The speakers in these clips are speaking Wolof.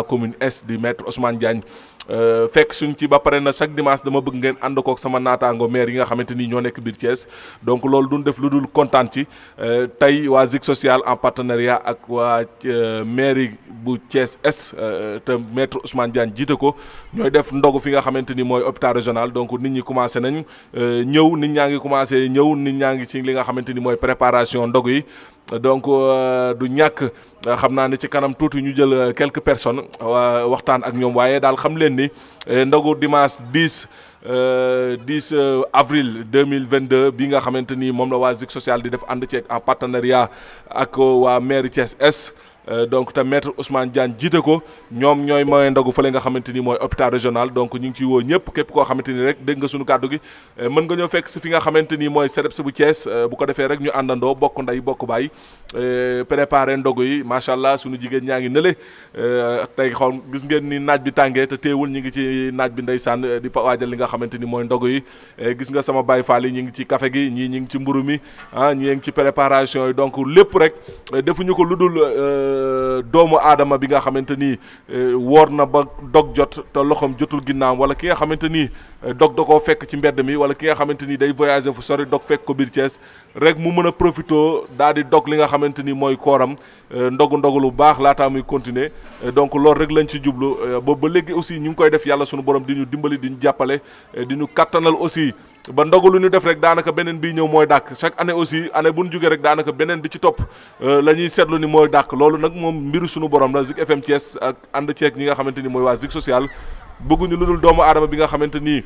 ak commune est di maître Ousmane Diagne euh, fekk suñ ci ba pare na chaque dimanche dama bëgg ngeen ànd kook sama naataango maire yi nga xamante ni ñoo nekk biir Thiès donc loolu duñ def lu dul kontaan ci euh, tey waa Zik Social en partenariat ak waa euh, mairie bu Thiès est te maître Ousmane Diagne jiite ko ñooy def ndogu fi nga xamante ni mooy hôpital régional donc nit ñi commencé nañ ñëw nit ñaa ngi commencé ñëw nit ñaa ngi ci li nga xamante ni mooy préparation ndog yi donc euh, du ñàkk euh, xam naa ni ci kanam tuuti ñu jël euh, quelques waa waxtaan ak ñoom waaye daal xam leen ni ndogu dimanche 10 10 avril 2022 bi nga xamante ni moom la waa Zik Social di def ànd ceeg en partenariat ak waa mairie Thiès Est Euh, donc te maître Ousmane Diagne jiite ko ñoom ñooy mooy ndogu fële nga xamante ni mooy hôpital régional donc ñu ngi ciy woo ñëpp képp koo xamante ni rek dégg nga suñu kàddu gi euh, mën ñoo fekk si fi nga xamante ni mooy CREPS bu Thiès euh, bu ko defee rek ñu àndandoo bokk nday bokk baay préparé ndogu yi macha allah suñu jigéen ñaa ngi nële tey xool gis ngeen ni naaj bi tàngee te teewul ñu ngi ci naaj bi ndeysaan di waajal li nga xamante ni mooy ndogu yi gis nga sama baay faal yi ñi ngi ci café gi ñii ñi ngi ci mburu mi ah ngi ci préparation yi donc lépp rek Euh, doomu aadama bi nga xamante ni euh, woor na ba dog jot te loxoom jotul ginnaam wala ki nga xamante ni euh, dog da fekk ci mbedd mi wala ki nga xamante ni day voyager fu sori dog fekk ko biir Thiès rek mu mën a profité daal di dog li nga xamante ni mooy kooram. Euh, ndogu ndogu lu baax laataa muy continuer euh, donc loolu rek lañ ci jublu euh, boobu ba léegi aussi ñu ngi koy def yàlla sunu borom di ñu dimbali di ñu jàppale di ñu kattanal aussi ba ndogu lu ñu def rek daanaka beneen bii ñëw mooy dàkk chaque année aussi année bu nu jógee rek daanaka beneen bi ci topp la ñuy seetlu ni mooy dàkk loolu nag moom mbiru sunu borom la Zik FM Thiès ak ànd ceeg ñi nga xamante ni mooy waa Zik Social bëgguñu lu dul doomu aadama bi nga xamante ni.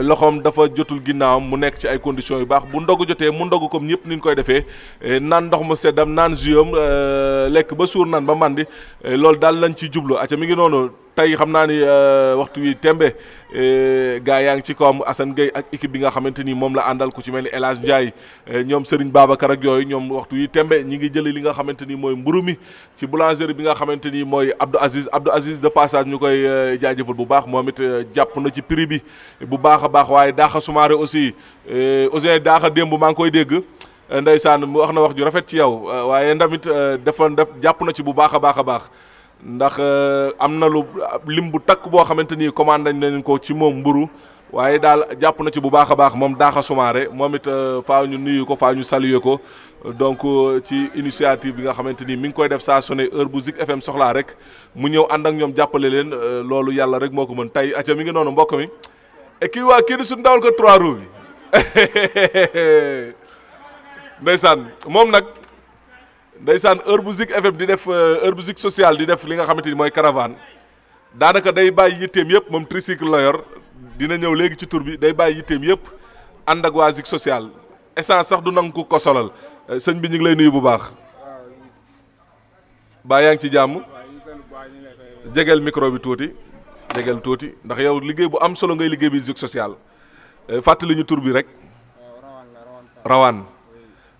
loxoom dafa jotul ginnaawam mu nekk ci ay conditions yu baax bu ndog jotee mu ndog comme ñëpp ni koy defee eh, naan ndox mu seddam naan juyam eh, lekk ba suur naan ba màndi eh, loolu daal lañ ci jublu aca mi ngi noonu tey xam naa ni euh, waxtu wi tembe euh, gaa yaa ngi ci kawam Assane Gueye ak équipe bi nga xamante ni moom la àndal ku ci mel ni El Hadj Ndiaye euh, ñoom Serigne Babacar ak yooyu ñoom waxtu wi tembe ñi ngi jëli li nga xamante ni mooy mburu mi ci boulangerie bi nga xamante ni mooy Abdou Aziz Abdou Aziz de passage ñu koy jaajaful bu baax moomit jàpp na ci prix bi bu baax a baax waaye daaxa sumaare aussi Ousseyn daaxa démb maa ngi koy dégg ndeysaan mu wax na wax ju rafet ci yow waaye ndamit dafa def jàpp na ci bu baax a baax a baax ndax euh, am na lu lim bu takk boo xamante ni commandé nañ leen ko ci moom mburu waaye daal jàpp na ci bu baax a baax moom Daaxa Soumaré moom it euh, faa ñu nuyu ko faa ñu saluer ko donc euh, ci initiative bi nga xamante ni mi ngi koy def saa su heure bu Zik FM soxlaa rek mu ñëw ànd ak ñoom jàppale leen loolu yàlla rek moo ko mën tey acca mi ngi noonu mbokk mi et kii waa kii di suñu dawal ko trois roues bi ndeysaan moom nag. ndeysaan heure bu Zik effet di def euh, heure bu Zik social di def li nga xamante ni mooy caravane daanaka day bàyyi yitteem yëpp moom tricycle la yor dina ñëw léegi ci tur bi day bàyyi yitteem yëpp ànd ak waa Zik social essence sax du nangu ko ko solal euh, sëñ bi ñu ngi lay nuyu bu baax. baa yaa ngi ci jàmm jegeel micro bi tuuti jegeel tuuti ndax yow liggéey bu am solo ngay liggéey bi Zik social euh, fàttali ñu tur bi rek rawaan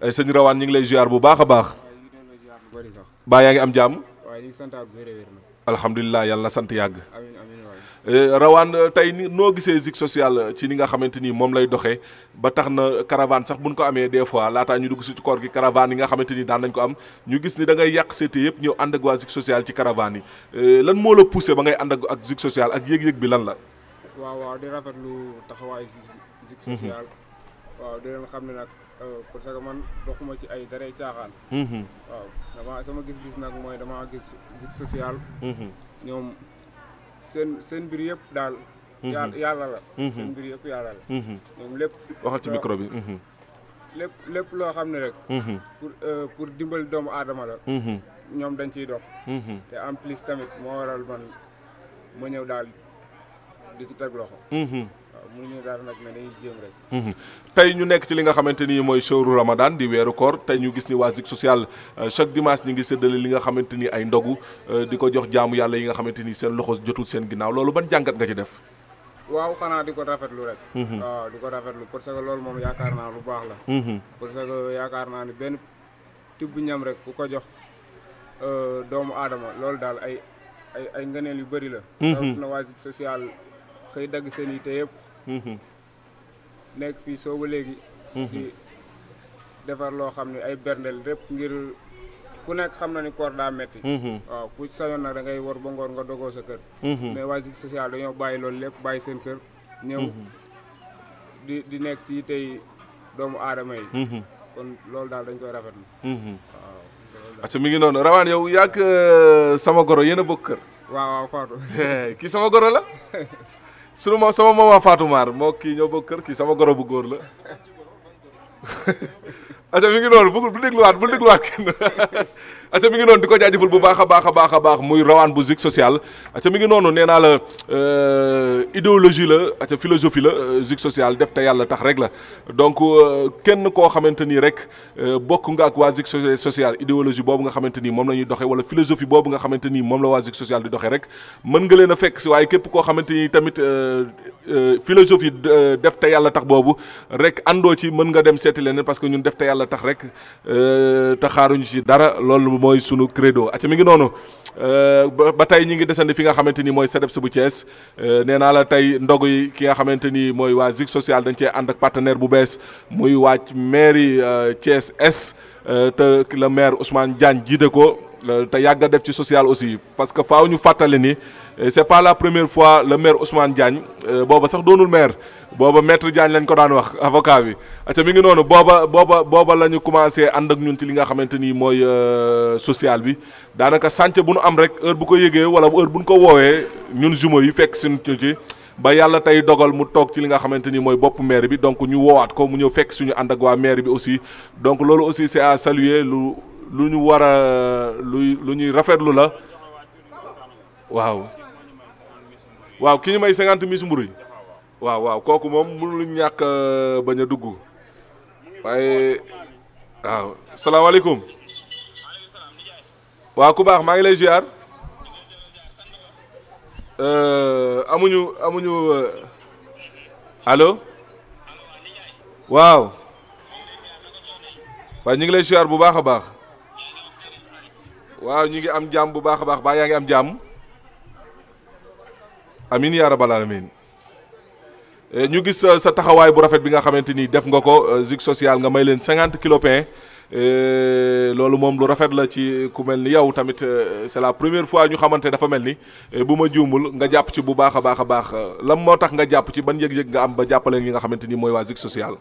sëñ rawaan ñu ngi lay ziar bu baax a baax. bëri sax. mbaa yaa ngi am jàmm. waaw a wér nag. alhamdulilah yàlla sant yàgg. Eh, rawaan tey noo gisee Zik Social eh, ci ni nga xamante ni moom lay doxe ba tax na caravane sax buñ ko amee des fois laataa ñu dugg si ci koor gi caravane yi nga xamante ni daan nañ ko am ñu gis ni da ngay yàq seete yëpp ñëw ànd ak waa Zik Social ci caravane yi eh, lan moo la poussé ba ngay ànd ak Zik Social ak yëg-yëg bi lan la. waaw waaw di rafetlu taxawaay Euh, parce que man doxuma ci ay daray caaxaan. Mm-hmm. waaw dama sama gis-gis nag mooy dama gis zik social. Mm-hmm. ñoom seen seen mbir yëpp daal. Mm-hmm. yàlla la. seen mbir yëpp yàlla la. ñoom lépp. waxal ci micro bi. lépp lépp loo xam ne rek. pour euh, pour dimbali doomu aadama la. ñoom dañ ciy dox. te en plus tamit moo waral man ma ñëw daal. di ci teg loxo. Mhm. waaw mënuñu daal nag ne dañuy jéem rek. Mhm. tey ñu nekk ci li nga xamante ni showru Ramadan di weeru koor tey ñu gis ni waa Zik Social euh, chaque dimanche ñu ngi séddale li nga xamante ay ndogu euh, di ko jox jaamu yàlla yi nga xamante ni seen loxo jotul seen ginnaaw loolu ban jàngat nga ci def. waaw xanaa di rafetlu rek. Mhm. waaw di ko rafetlu parce que loolu moom yaakaar naa lu baax la. parce que yaakaar naa ni benn tibb ñam rek ku ko jox euh, doomu aadama loolu daal ay ay ay ngëneel yu bëri la. rawatina waa Social. xëy dagg seen yitte yëpp mhm. nekk fii soo ba léegi mhm. di defar loo xam ne ay berndeel lépp ngir ku nekk xam na ni koor daa metti mhm. waaw ku sañoon nag da war ba ngoor nga dogoo sa kër mais waa Zik Social dañoo bàyyi loolu lépp bàyyi seen kër ñëw di nekk ci tey doomu aadama yi kon loolu daal dañ koy rafetlu waaw parce que mi ngi noonu rawaan yow yàgg euh, sama goro yéen a kër waaw waaw Fatou kii sama goro la sunu ma sama maman Fatou Mar moo kii ñoo bokk kër kii sama goro bu góor la aja mi ngi noonu bugul bu dégluwaat bu dégluwaat kenn ata mi ngi non di ko jaajëfal bu baax a baax a baax muy rawane bu zik social ata mi ngi nonu neena naa euh idéologie la ata philosophie la euh, zik social def ta yalla tax rek la donc euh, kenn ko xamanteni rek euh, bokku nga ak waa social idéologie bobu nga xamanteni mom lañuy doxé wala philosophie bobu nga xamanteni mom la waa zik social di doxé rek mën nga leena fekk ci waye kep ko xamanteni ni tamit philosophie def ta yalla tax bobu rek ando ci mën nga dem seeti len parce que ñun def ta yalla tax rek te xaaruñu ci dara loolu mooy sunu credo aca mi ngi noonu euh, ba tey ñi ngi desandi fi nga xamante ni mooy CDEPS bu Thiès euh, nee naa la tey ndog yi ki nga xamante ni mooy waa Zik Social dañ cee ànd ak partenaire bu bees muy wàcc mairie euh, Thiès S te le maire Ousmane Diagne jiite ko le yàgg a def ci social aussi parce que faaw ñu fatale ni eh, c'est pas la première fois le maire Ousmane Diagne eh, booba sax doonul maire booba maître Diagne lañ ko daan wax avocat bi ata mi ngi noonu booba booba booba la ñu commencé ànd ak ñun ci li nga xamante ni mooy eh, social bi daanaka chantier bu nu am rek heure bu ko yëgee wala heure bu ñu ko woowee ñun jumeaux yi fekk suñu ci. ba yàlla tey dogal mu toog ci li nga xamante ni mooy maire bi donc ñu woowaat ko mu ñëw fekk suñu ànd ak maire bi aussi donc loolu aussi c'est à saluer lu. lu ñu war a lu lu ñuy rafetlu la waaw waaw ki ñu may cinquante Miss Mboury waaw waaw kooku moom mënul ñàkk euh, bañ a dugg waaye waaw salaamaaleykum waaw ku baax maa ngi lay ziar euh, amuñu amuñu euh, allo waaw waaye ñu ngi lay ziar bu baax a baax. waaw ñu ngi am jàmm bu baax a baax baa yaa ngi am jàmm amin yaa rabbal alamin eh, ñu gis eh, sa taxawaay bu rafet bi nga xamante ni def nga ko eh, Zik Social nga may leen cinquante kilo pain loolu moom lu rafet la ci ku mel ni yow tamit c'est la première fois ñu xamante dafa mel ni bu ma juumul nga jàpp ci bu baax a baax a baax lan moo tax nga jàpp ci ban yëg-yëg nga am ba jàppale yi nga xamante ni mooy waa Zik Social.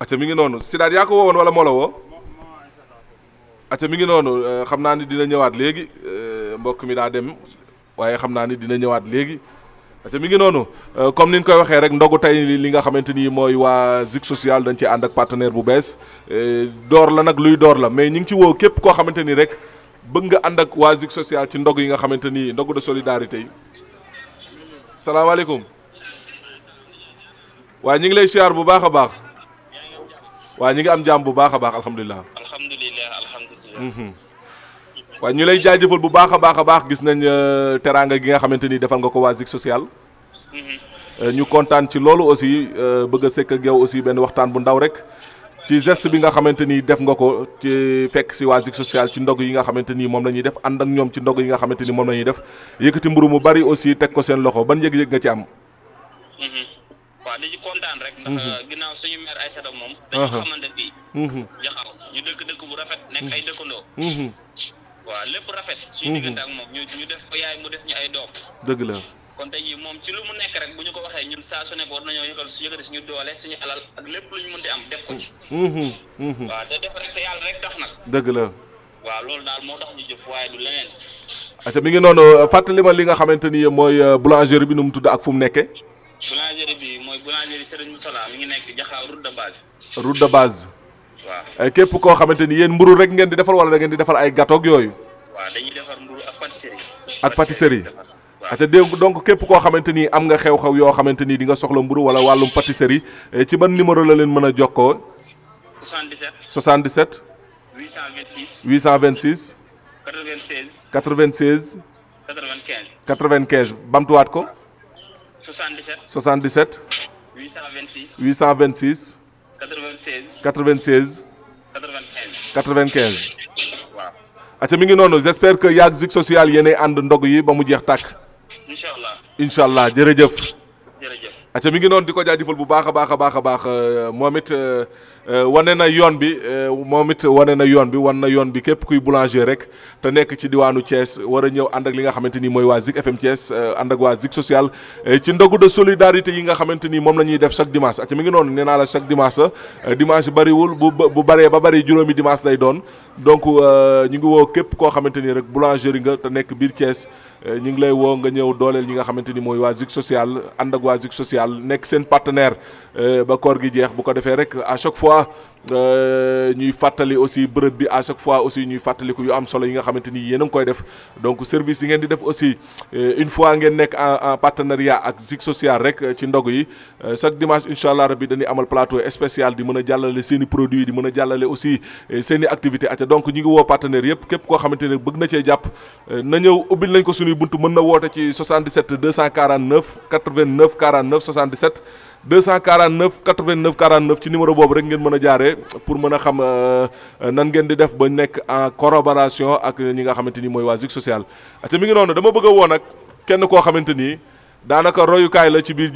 ate mu ngi noonu Sidaat yaa ko woowoon wala moo la woo. ate mi ngi noonu euh, xam naa ni dina ñëwaat léegi euh, mbokk mi daa dem waaye xam naa ni dina ñëwaat léegi ate mi ngi noonu euh, comme ni ñu koy waxee rek ndogu tey li nga xamante ni mooy waa Zik Social dañ ci ànd ak partenaire bu bees door la nag luy door la mais ñu ngi ci woo képp koo xamante ni rek bëgg nga ànd ak waa Zik Social ci ndog yi nga xamante ni ndogu de solidarité yi salaamaaleykum waaye ñu ngi lay siyaar bu baax a baax waaye ñu ngi am jàmm bu baax a baax alhamdulilah. Mhm. waaw ñu lay jaajëfal bu baax a baax a baax gis nañ euh, teraanga gi nga xamante ni defal nga ko waa Zik Social mhm. euh, ñu kontaan ci loolu aussi euh, bëgg a sekk yow aussi benn waxtaan bu ndaw rek ci geste bi nga xamante ni def nga ko ci fekk si waa Zik Social ci ndog yi nga xamante ni moom la ñuy def ànd ak ñoom ci ndog yi nga xamante ni moom la ñuy def yëkkati mburu mu bari aussi teg ko seen loxo ban yëg-yëg nga ci am. Mhm. waaw di kontaan rek. rafet nekk ay dëkkandoo mm-hmm. Mm-hmm. waaw lépp rafet suñu mm-hmm. diggante ak moom ñu ñu def ko yaay mu def ñu ay doom dëgg la kon te jii moom ci lu mu nekk rek bu ñu ko waxee ñun saa su nekk war nañoo yëgal su ak lépp lu ñu mën di am def ko ci waaw te def rek la waaw loolu daal moo tax ñu jëf waaye du leneen aca mi ngi noonu euh, fàttali ma li nga xamante ni mooy euh, boulangerie bi nu mu tudd ak fu mu nekkee boulangerie bi mooy boulangerie Serigne Moutala mi ngi nekk Jaxaaw route de base route de base Eh, képp koo xamante ni yéen mburu rek ngeen di defal wala da ngeen di defal ay gâteau ak yooyu. waaw dañuy mburu ak pâtisserie. ak pâtisserie. ata dégg donc képp koo xamante ni am nga xew-xew yoo xamante ni di nga soxla mburu wala wàllum pâtisserie eh, ci ban numéro la leen mën a jokkoo. 77. 77. 826. 826. 96. 96. 95. bamtuwaat ko. 77. 826. 826. 96. 96. 95. waaw. ati mi ngi noonu j'espère que yaag Zik Social yéenay ànd ndog yi ba mu jeex tàkk. Inshallah. allah incha allah jërëjëf. jërëjëf ati mi ngi noonu di ko jaajëfal bu baax a baax a baax euh, Eh, wane na yoon bi eh, moom wane na yoon bi wan na yoon bi képp kuy boulanger rek te nekk ci diwaanu Thiès war a ñëw ànd ak li nga xamante ni mooy waa Zik FM Thiès eh, ànd ak waa Zik Social ci ndogu de solidarité yi nga xamante ni moom def chaque dimanche ak mi ngi la chaque dimanche dimanche bu bu ba bari juróomi dimanche lay doon donc ñu ngi woo képp koo xamante ni rek boulangerie nga te nekk biir Thiès ñu ngi lay woo nga ñëw dooleel ñi nga xamante ni mooy Zik Social ànd ak waa Zik Social partenaire ba koor gi jeex bu ko rek à chaque fois Ela Euh, ñuy fàttali aussi bërëb bi à chaque fois aussi ñuy fàttaliku yu am solo yi nga xamante ni yéen a koy def donc service yi ngeen di def aussi euh, une fois ngeen nekk en partenariat ak Zik Social rek euh, ci ndog yi chaque dimanche incha allah rabi dañuy amal plateau spécial di mën a jàllale seen i produits di mën a jàllale aussi seen i activités ate donc ñi ngi woo partenaires yëpp képp koo xamante ne bëgg na cee jàpp na ñëw ubbil nañ ko suñuy bunt mën na woote boobu rek ngeen mën a jaaree boobule pour mën a xam euh, euh, nan ngeen di def ba nekk en collaboration ak ñi nga xamante ni mooy waa Zik Social te mi ngi noonu dama bëgg a woo nag kenn koo xamante ni daanaka royukaay la ci biir.